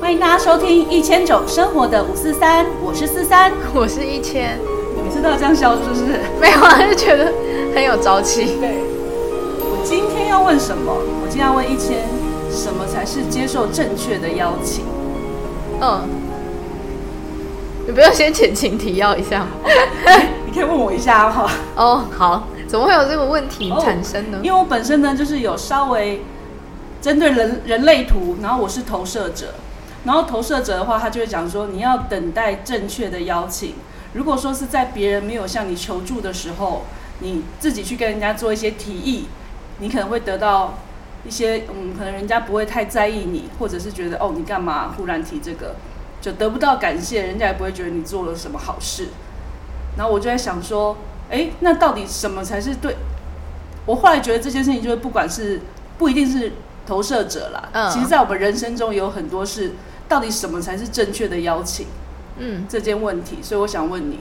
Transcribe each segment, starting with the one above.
歡迎大家收聽《一千種生活的五四三》，我是四三，我是一千，你們知道這樣笑是不是？ 沒有啊，就覺得很有朝氣。對，我今天要問什麼？我今天要問一千，什麼才是接受正確的邀請？嗯，你不要先前情提要一下，哦、 你可以問我一下好不好？哦，好，怎麼會有這個問題產生呢？哦、因為我本身呢，就是有稍微針對人人類圖，然後我是投射者。然後投射者的話，他就會講說，你要等待正確的邀請。如果說是在別人沒有向你求助的時候，你自己去跟人家做一些提議，你可能會得到一些，嗯，可能人家不會太在意你，或者是覺得哦，你幹嘛忽然提這個，就得不到感謝，人家也不會覺得你做了什麼好事。然後我就在想說，哎，那到底什麼才是對？我後來覺得這件事情就是，不管是，不一定是。投射者啦，嗯、其實，在我們人生中有很多事，到底什麼才是正確的邀請？嗯，這件問題，所以我想問你，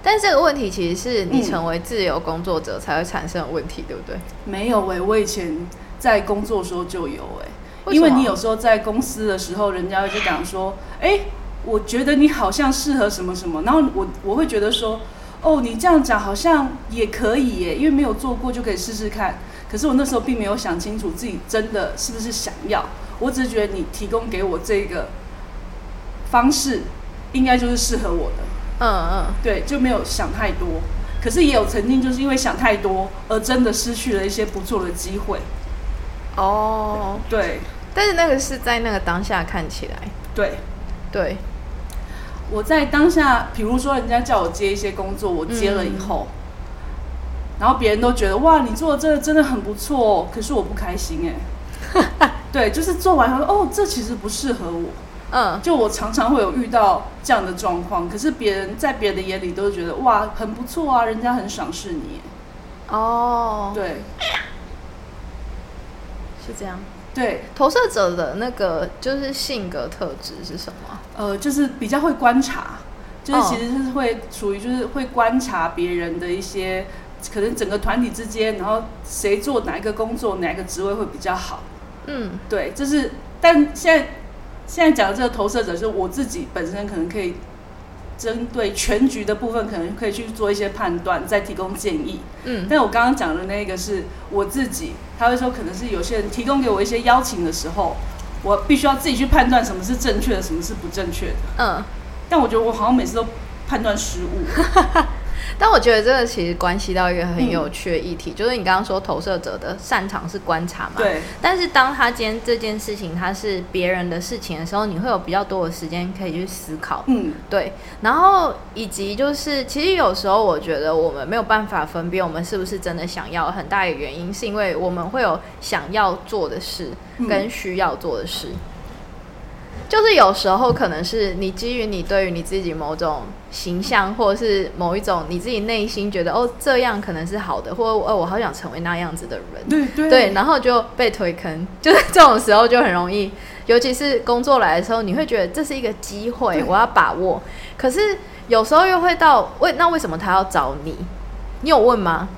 但這個問題其實是你成為自由工作者才會產生的問題，嗯、對不對？沒有哎、欸，我以前在工作時候就有哎、欸，為因為你有時候在公司的時候，人家就講說，哎、欸，我覺得你好像適合什麼什麼，然後我我會覺得說，哦，你這樣講好像也可以、欸，因為沒有做過就可以試試看。可是我那時候並沒有想清楚自己真的是不是想要，我只是覺得你提供給我這個方式，應該就是適合我的。嗯嗯，嗯對，就沒有想太多。可是也有曾經就是因為想太多，而真的失去了一些不錯的機會。哦，對，但是那個是在那個當下看起來。對，對，我在當下，比如說人家叫我接一些工作，我接了以後。嗯然後別人都覺得哇，你做這個真，真的很不錯，可是我不開心哎、欸。 對，就是做完他說哦，這其實不適合我。嗯，就我常常會有遇到這樣的狀況，可是別人在別人的眼裡都覺得哇，很不錯啊，人家很賞識你。哦，對，是這樣。對，投射者的那個就是性格特質是什麼？呃，就是比較會觀察，就是其實是會屬於就是會觀察別人的一些。可能整個團體之間，然後誰做哪一個工作、哪一個職位會比較好？嗯，對，就是，但現在現在講的這個投射者是我自己本身，可能可以針對全局的部分，可能可以去做一些判斷，再提供建議。嗯，但我剛剛講的那個是我自己，他會說可能是有些人提供給我一些邀請的時候，我必須要自己去判斷什麼是正確的，什麼是不正確的。嗯，但我覺得我好像每次都判斷失誤。 但我覺得這個其實關係到一個很有趣的議題，嗯、就是你剛剛說投射者的擅長是觀察嘛？對。但是當他今天這件事情他是別人的事情的時候，你會有比較多的時間可以去思考。嗯，對。然後以及就是，其實有時候我覺得我們沒有辦法分辨我們是不是真的想要，很大的原因是因為我們會有想要做的事跟需要做的事。嗯嗯就是有時候可能是你基於你對於你自己某種形象，或者是某一種你自己內心覺得哦，這樣可能是好的，或哦，我好想成為那樣子的人，對對，對，對，然後就被推坑，就是這種時候就很容易，尤其是工作來的時候，你會覺得這是一個機會，對我要把握。可是有時候又會到喂，那為什麼他要找你，你有問嗎？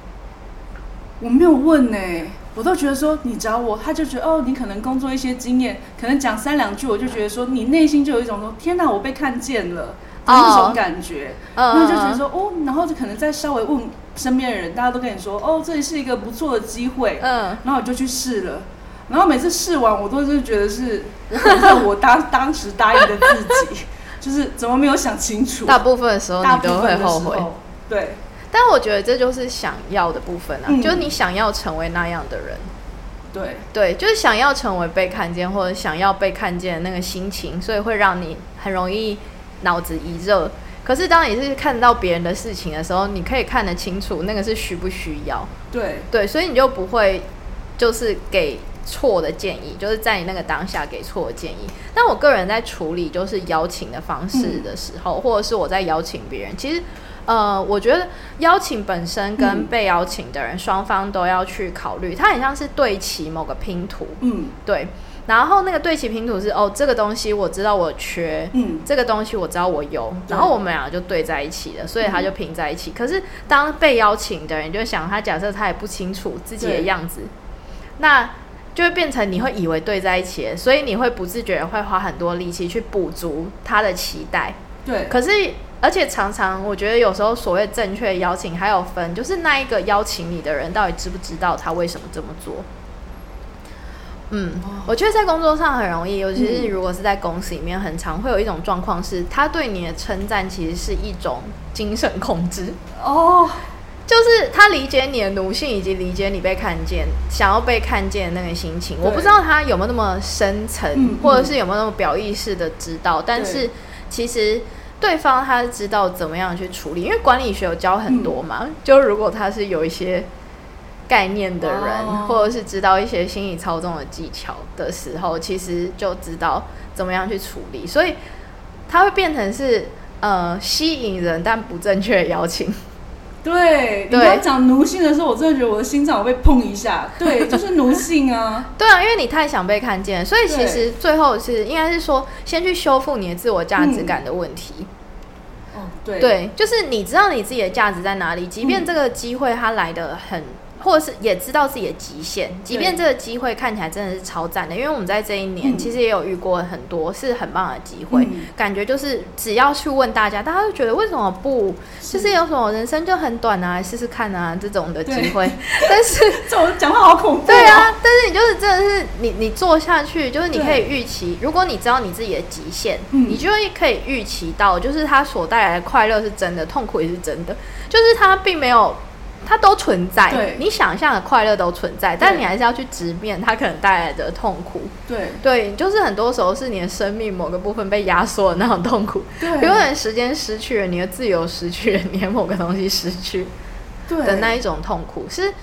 我沒有問呢、欸，我都覺得說你找我，他就覺得哦，你可能工作一些經驗，可能講三兩句，我就覺得說你內心就有一種說天哪，我被看見了的那種感覺，然後、oh. 就覺得說、uh uh. 哦，然後就可能再稍微問身邊的人，大家都跟你說哦，這裡是一個不錯的機會，嗯，uh. 然後我就去試了，然後每次試完，我都是覺得是我我當當時答應的自己， 就是怎麼沒有想清楚，大部分的時候你都會後悔，對。但我覺得這就是想要的部分啊，嗯、就是你想要成為那樣的人，對對，就是想要成為被看見或者想要被看見的那個心情，所以會讓你很容易腦子一熱。可是當你是看到別人的事情的時候，你可以看得清楚那個是需不需要，對對，所以你就不會就是給錯的建議，就是在你那個當下給錯的建議。但我個人在處理就是邀請的方式的時候，嗯、或者是我在邀請別人，其實。呃，我覺得邀請本身跟被邀請的人雙方都要去考慮，它、嗯、很像是對齊某個拼圖。嗯，對。然後那個對齊拼圖是哦，這個東西我知道我缺，嗯，這個東西我知道我有，嗯、然後我們兩個就對在一起了，所以它就拼在一起。嗯、可是當被邀請的人就想，他假設他也不清楚自己的樣子，對那就會變成你會以為對在一起，所以你會不自覺會花很多力氣去補足他的期待。對，可是。而且常常，我覺得有時候所謂正確邀請還有分，就是那一個邀請你的人到底知不知道他為什麼這麼做？嗯，我覺得在工作上很容易，尤其是如果是在公司裡面，很常會有一種狀況是，他對你的稱讚其實是一種精神控制哦，就是他理解你的奴性，以及理解你被看見、想要被看見的那個心情。我不知道他有沒有那麼深層，或者是有沒有那麼表意識的知道，但是其實。對方他知道怎麼樣去處理，因為管理學有教很多嘛。嗯、就如果他是有一些概念的人，Wow. 或者是知道一些心理操縱的技巧的時候，其實就知道怎麼樣去處理。所以他會變成是呃吸引人，但不正確的邀請。對，對你要講奴性的時候，我真的覺得我的心臟會被碰一下。對， 就是奴性啊。對啊，因為你太想被看見，所以其實最後是對應該是說，先去修復你的自我價值感的問題。嗯、哦，對，對，就是你知道你自己的價值在哪裡，即便這個機會它來的很。嗯或者是也知道自己的極限，即便這個機會看起來真的是超贊的，對因為我們在這一年其實也有遇過很多是很棒的機會，嗯、感覺就是只要去問大家，大家都覺得為什麼不？是就是有什麼人生就很短啊，試試看啊這種的機會。對但是，這種講話好恐怖，喔。對啊，但是你就是真的是你，你做下去就是你可以預期，對如果你知道你自己的極限，嗯、你就可以預期到，就是它所帶來的快樂是真的，痛苦也是真的，就是它並沒有。它都存在，對你想象的快樂都存在，但你還是要去直面它可能帶來的痛苦。對，對，就是很多時候是你的生命某個部分被壓縮的那種痛苦，因為對時間失去了，你的自由失去了，你的某個東西失去對的那一種痛苦，對是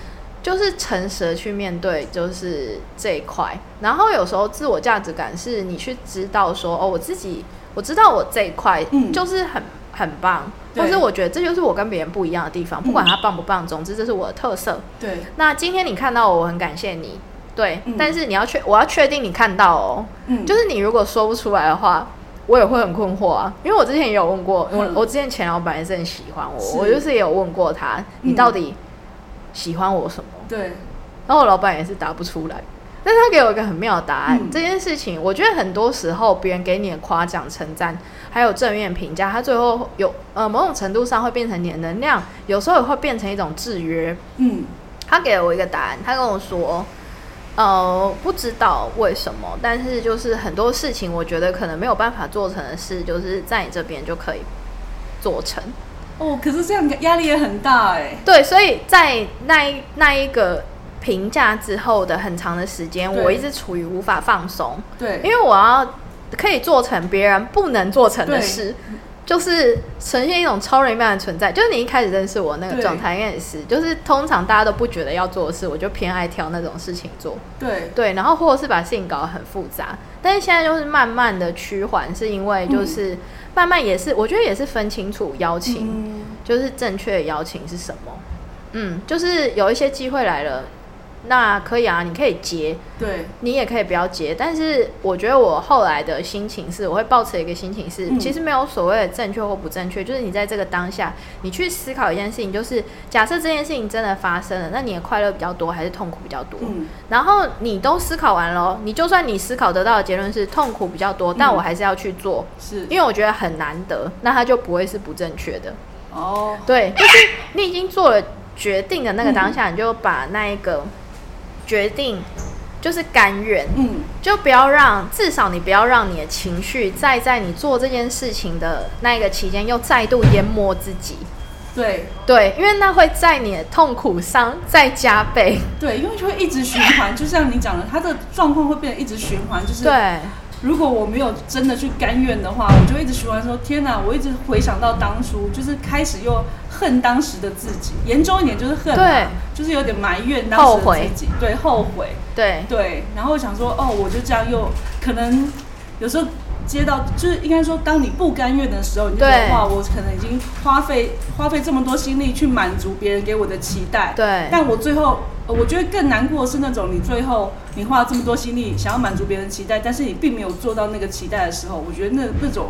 就是誠實地去面對，就是這一塊。然後有時候自我價值感是你去知道說，哦，我自己我知道我這一塊就是很、嗯、很棒。但對是我覺得這就是我跟別人不一樣的地方，嗯、不管他棒不棒，總之這是我的特色。對，那今天你看到我，我很感謝你。對，嗯、但是你要確，我要確定你看到哦、喔。嗯、就是你如果說不出來的話，我也會很困惑啊。因為我之前也有問過，我為我之前前老闆也是很喜歡我，是我就是也有問過他，嗯、你到底喜歡我什麼？對，然後我老闆也是答不出來。但他給我一個很妙的答案。嗯、這件事情，我覺得很多時候別人給你的誇獎、稱讚，還有正面評價，他最後有呃某種程度上會變成你的能量，有時候也會變成一種制約。嗯，他給了我一個答案，他跟我說：“呃，不知道為什麼，但是就是很多事情，我覺得可能沒有辦法做成的事，就是在你這邊就可以做成。”哦，可是這樣壓力也很大哎、欸。對，所以在那那一個。評價之後的很長的時間，對我一直處於無法放鬆，對，因為我要可以做成別人不能做成的事，對就是呈現一種超人般的存在。就是你一開始認識我那個狀態，應該也是，就是通常大家都不覺得要做的事，我就偏愛挑那種事情做，對對，然後或者是把事情搞得很複雜。但是現在就是慢慢的趨緩，是因為就是慢慢也是，嗯、我覺得也是分清楚邀請，嗯、就是正確的邀請是什麼，嗯，就是有一些機會來了。那可以啊，你可以結。對，你也可以不要結，但是我覺得我後來的心情是，我會抱持一個心情是，嗯、其實沒有所謂的正確或不正確，就是你在這個當下，你去思考一件事情，就是假設這件事情真的發生了，那你的快樂比較多還是痛苦比較多？嗯、然後你都思考完了，你就算你思考得到的結論是痛苦比較多，但我還是要去做，是、嗯、因為我覺得很難得，那它就不會是不正確的。哦，對，就是 你已經做了決定的那個當下，嗯、你就把那一個。決定就是甘願，嗯，就不要讓，至少你不要讓你的情緒再在，在你做這件事情的那一個期間，又再度淹沒自己。對對，因為那會在你的痛苦上再加倍。對，因為就會一直循環，就像你講的，它的狀況會變得一直循環，就是。對。如果我沒有真的去甘願的話，我就一直喜歡說天哪！我一直回想到當初，就是開始又恨當時的自己，嚴重一點就是恨，對就是有點埋怨當時的自己，後悔對，後悔，對，對。然後想說，哦，我就這樣又可能有時候。接到就是應該說，當你不甘願的時候，你就覺得對哇，我可能已經花費花費這麼多心力去滿足別人給我的期待。對。但我最後，我覺得更難過的是那種你最後你花了這麼多心力想要滿足別人期待，但是你並沒有做到那個期待的時候，我覺得那那種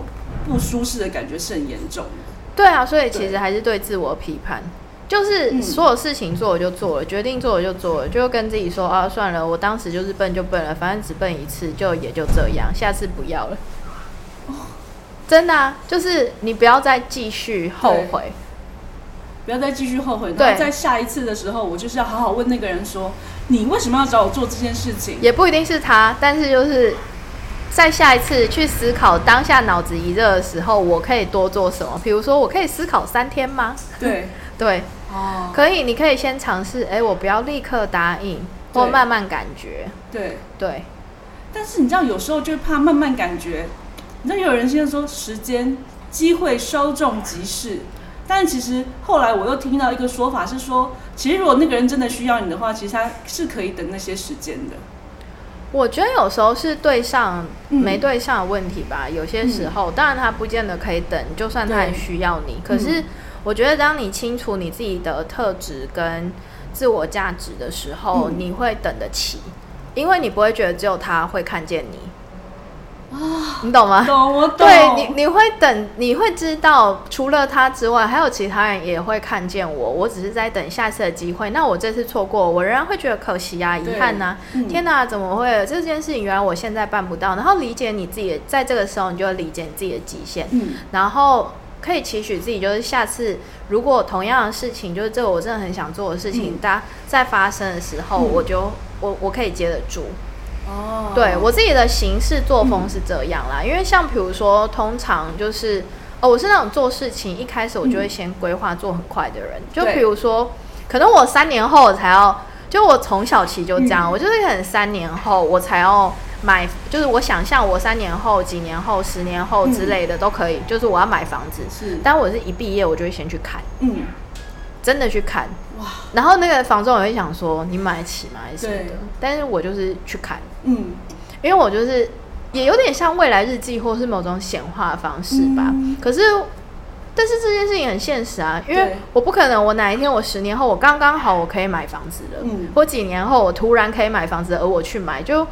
不舒適的感覺是很嚴重的。對啊，所以其實還是對自我批判，對就是所有事情做了就做了，決定做了就做了，就跟自己說啊，算了，我當時就是笨就笨了，反正只笨一次，就也就這樣，下次不要了。真的、啊，就是你不要再繼續後悔，不要再繼續後悔。對，在下一次的時候，對我就是要好好問那個人說：“你為什麼要找我做這件事情？”也不一定是他，但是就是在下一次去思考當下腦子一熱的時候，我可以多做什麼？比如說，我可以思考三天嗎？對對，哦 對，啊、可以，你可以先嘗試。哎、欸，我不要立刻答應，或慢慢感覺。對對，對對對，但是你知道，有時候就怕慢慢感覺。那有人現在說時間機會稍縱即逝，但其實後來我又聽到一個說法是說，其實如果那個人真的需要你的話，其實他是可以等那些時間的。我覺得有時候是對上、嗯、沒對上的問題吧，有些時候、嗯、當然他不見得可以等，就算他很需要你，對可是我覺得當你清楚你自己的特質跟自我價值的時候，嗯、你會等得起，因為你不會覺得只有他會看見你。哦、你懂嗎？懂，我懂。對，你你會等，你會知道，除了他之外，還有其他人也會看見我。我只是在等下次的機會。那我這次錯過，我仍然會覺得可惜啊，遺對憾啊。嗯、天哪、啊，怎麼會這件事情？原來我現在辦不到。然後理解你自己的，在這個時候，你就要理解你自己的極限。嗯。然後可以期許自己，就是下次如果同樣的事情，就是這個我真的很想做的事情，大家、嗯、再發生的時候，嗯、我就我我可以接得住。哦，oh. 對，我自己的行事作風是這樣啦，嗯、因為像比如說，通常就是，哦，我是那種做事情一開始我就會先規劃做很快的人，嗯、就比如說，對可能我三年後我才要，就我從小起就這樣，嗯、我就是很三年後我才要買，就是我想象我三年後、幾年後、十年後之類的都可以，就是我要買房子，是，但我是一畢業我就會先去看，嗯。真的去看哇，然後那個房仲也會想說你買得起嗎？什麼的。對但是，我就是去看，嗯，因為我就是也有點像未來日記，或是某種顯化的方式吧。嗯、可是，但是這件事情很現實啊，因為我不可能，我哪一天我十年後我剛剛好我可以買房子了，嗯，或幾年後我突然可以買房子，而我去買就。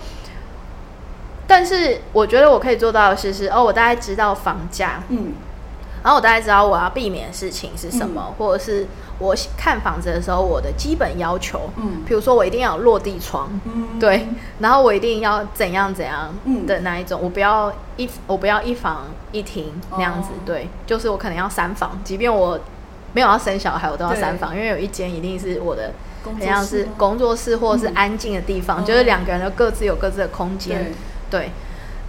但是，我覺得我可以做到的是，是哦，我大概知道房價，嗯。然後我大概知道我要避免的事情是什麼，或者是我看房子的時候我的基本要求，嗯，比如說我一定要有落地窗，嗯，對，然後我一定要怎樣怎樣的那一種，我不要一我不要一房一廳那樣子，對，就是我可能要三房，即便我沒有要生小孩，我都要三房，因為有一間一定是我的，同樣是工作室或者是安靜的地方，就是兩個人都各自有各自的空間，對。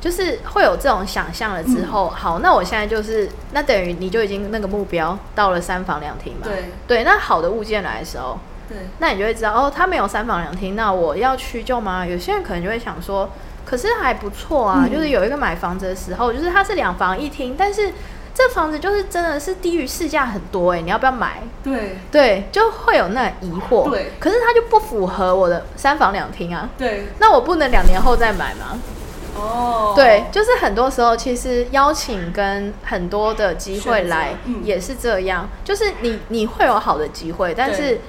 就是會有這種想象了之後，嗯、好，那我現在就是，那等於你就已經那個目標到了三房兩廳嘛。對對，那好的物件來的時候，對，那你就會知道哦，他沒有三房兩廳，那我要屈就嗎？有些人可能就會想說，可是還不錯啊，嗯、就是有一個買房子的時候，就是它是兩房一廳，但是這房子就是真的是低於市價很多哎、欸，你要不要買？對對，就會有那種疑惑。對，可是它就不符合我的三房兩廳啊。對，那我不能兩年後再買嗎？哦，對，就是很多時候，其實邀請跟很多的機會來也是這樣，嗯、就是你你會有好的機會，對但是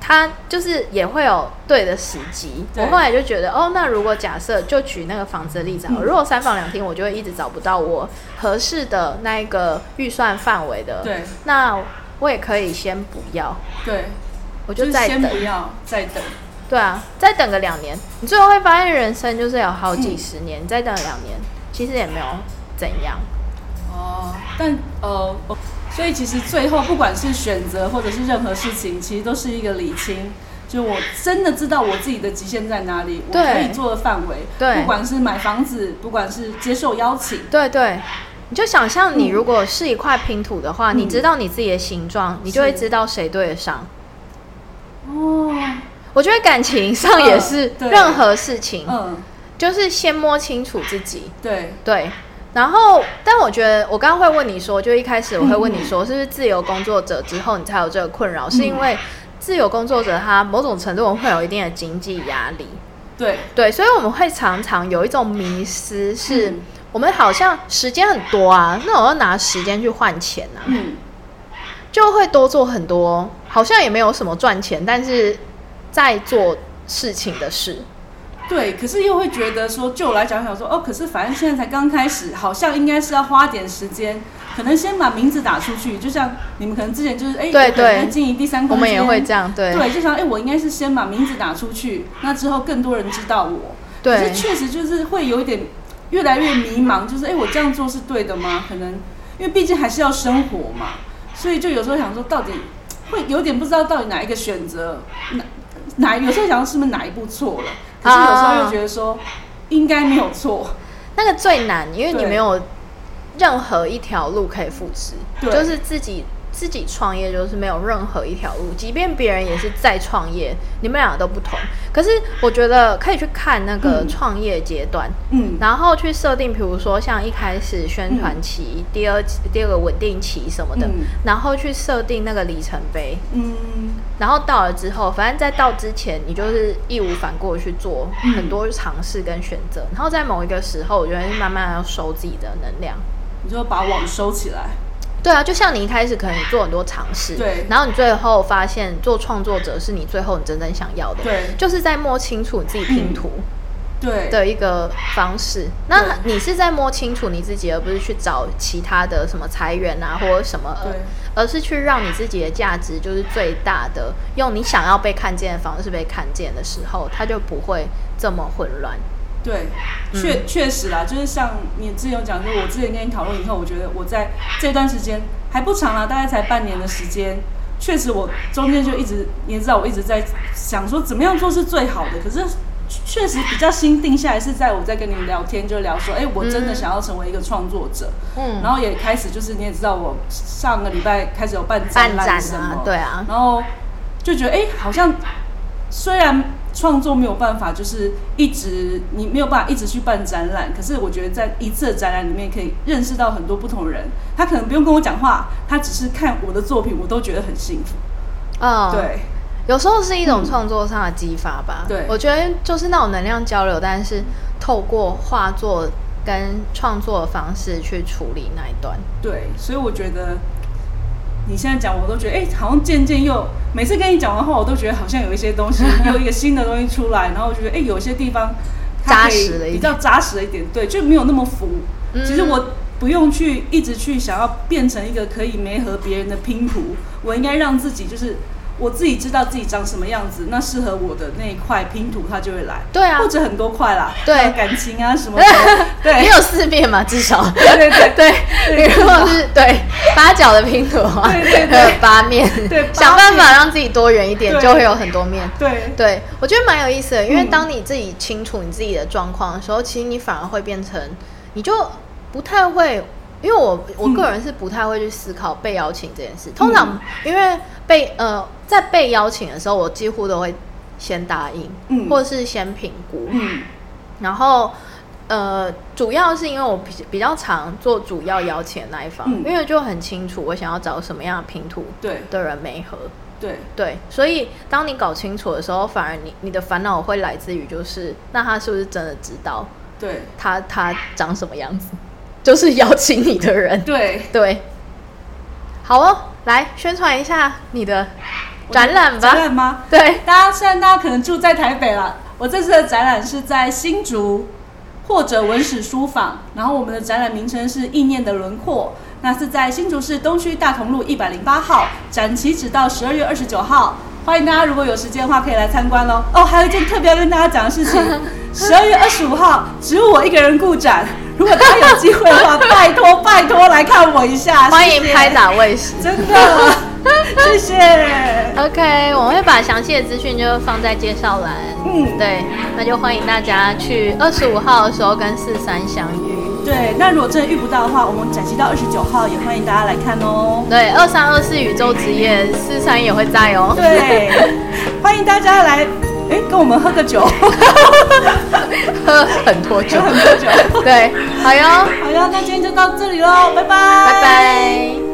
他就是也會有對的時機。對我後來就覺得，哦，那如果假設就舉那個房子的例子，哦、嗯，如果三房兩廳，我就會一直找不到我合適的那一個預算範圍的，對，那我也可以先不要，對，我就再等,就先不要再等。對啊，再等個兩年，你最後會發現人生就是有好幾十年。你、嗯、再等兩年，其實也沒有怎樣。哦、嗯，但呃，所以其實最後不管是選擇或者是任何事情，其實都是一個理清。就我真的知道我自己的極限在哪裡，對、我可以做的範圍。對，不管是買房子，不管是接受邀請，對、對對。你就想象你如果是一塊拼圖的話，嗯、你知道你自己的形狀，嗯、你就會知道誰對得上。哦。我覺得感情上也是，任何事情，嗯，嗯，就是先摸清楚自己，對對。然後，但我覺得我剛剛會問你說，就一開始我會問你說，是不是自由工作者之後你才有這個困擾？嗯、是因為自由工作者他某種程度會有一定的經濟壓力，對對，所以我們會常常有一種迷思，是我們好像時間很多啊，那我要拿時間去換錢啊，嗯、就會多做很多，好像也沒有什麼賺錢，但是。在做事情的事，對，可是又會覺得說，就我來講，想說哦，可是反正現在才剛開始，好像應該是要花點時間，可能先把名字打出去，就像你們可能之前就是哎，誒對對，經營第三空間，我們也會這樣，對，對，就想哎，我應該是先把名字打出去，那之後更多人知道我，對，是確實就是會有一點越來越迷茫，就是哎，我這樣做是對的嗎？可能因為畢竟還是要生活嘛，所以就有時候想說，到底會有點不知道到底哪一個選擇，那。哪有時候想，是不是哪一步錯了，可是有時候又覺得說應該沒有錯。Oh. 有那個最難，因為你沒有任何一條路可以複製，對就是自己。自己創業就是沒有任何一條路，即便別人也是在創業，你們兩個都不同。可是我覺得可以去看那個創業階段，嗯，嗯，然後去設定，比如說像一開始宣傳期，嗯、第二第二個穩定期什麼的，嗯、然後去設定那個里程碑，嗯，然後到了之後，反正在到之前，你就是義無反顧的去做很多嘗試跟選擇，嗯、然後在某一個時候，我覺得是慢慢要收自己的能量，你就把網收起來。對啊，就像你一開始可能你做很多嘗試，對然後你最後發現做創作者是你最後你真正想要的，對，就是在摸清楚你自己拼圖，對的一個方式。對那你是在摸清楚你自己，而不是去找其他的什麼裁員啊，或者什麼、呃，對而是去讓你自己的價值就是最大的，用你想要被看見的方式被看見的時候，它就不會這麼混亂。對，確確實啦，就是像你之前有講說，我之前跟你討論以後，我覺得我在這段時間還不長啦、啊，大概才半年的時間，確實我中間就一直你也知道，我一直在想說怎麼樣做是最好的，可是確實比較心定下來是在我在跟你聊天就聊說，哎，我真的想要成為一個創作者。嗯，然後也開始就是你也知道，我上個禮拜開始有辦展覽什麼、啊，對啊，然後就覺得哎，好像雖然。創作沒有辦法，就是一直你沒有辦法一直去辦展覽。可是我覺得在一次的展覽裡面，可以認識到很多不同人。他可能不用跟我講話，他只是看我的作品，我都覺得很幸福。嗯，oh, 對，有時候是一種創作上的激發吧。嗯，對，我覺得就是那種能量交流，但是透過畫作跟創作的方式去處理那一段。對，所以我覺得。你現在講，我都覺得哎、欸，好像漸漸又每次跟你講完話，我都覺得好像有一些東西， 又一個新的東西出來，然後我覺得哎、欸，有些地方扎實一點，比較扎實了一點，對，就沒有那麼浮。其實我不用去一直去想要變成一個可以媒合別人的拼圖，我應該讓自己就是。我自己知道自己長什麼樣子，那適合我的那一塊拼圖，它就會來。對啊，或者很多塊啦。對，感情啊什麼的，對，也有四面嘛，至少。對對對對，如果是對八角的拼圖的話對對，還有八面。對，想辦法讓自己多元一點，就會有很多面。對對，我覺得蠻有意思的，因為當你自己清楚你自己的狀況的時候，其實你反而會變成，你就不太會。因為我我個人是不太會去思考被邀請這件事。嗯、通常，因為被呃在被邀請的時候，我幾乎都會先答應，嗯、或是先評估。嗯。然後呃，主要是因為我比比較常做主要邀請的那一方，嗯、因為就很清楚我想要找什麼樣的拼圖，對的人沒合，對對，所以當你搞清楚的時候，反而你你的煩惱會來自於就是，那他是不是真的知道？對。他他長什麼樣子？就是邀請你的人，對對，好哦，來宣傳一下你的展覽吧？展覽嗎？對，大家雖然大家可能住在台北了，我這次的展覽是在新竹或者文史書房，然後我們的展覽名稱是藝念的輪廓，那是在新竹市東區大同路一百零八號，展期只到十二月二十九號，歡迎大家如果有時間的話可以來參觀嘍。哦。哦，還有一件特別要跟大家講的事情，十二月二十五號只有我一個人顧展。如果他有機會的話， 拜託拜託來看我一下，謝謝，歡迎拍打衛視，真的，謝謝。OK，我們會把詳細的資訊就放在介紹欄。嗯，對，那就歡迎大家去二十五號的時候跟四三相遇。對，那如果真的遇不到的話，我們展期到二十九號也歡迎大家來看哦。對，二三二四宇宙職業四三也會在哦。對，歡迎大家來。 哎、欸，跟我們喝個酒， 喝很多酒，很多酒，對， 好喲呦好喲，那今天就到這裡嘍，拜拜，拜拜。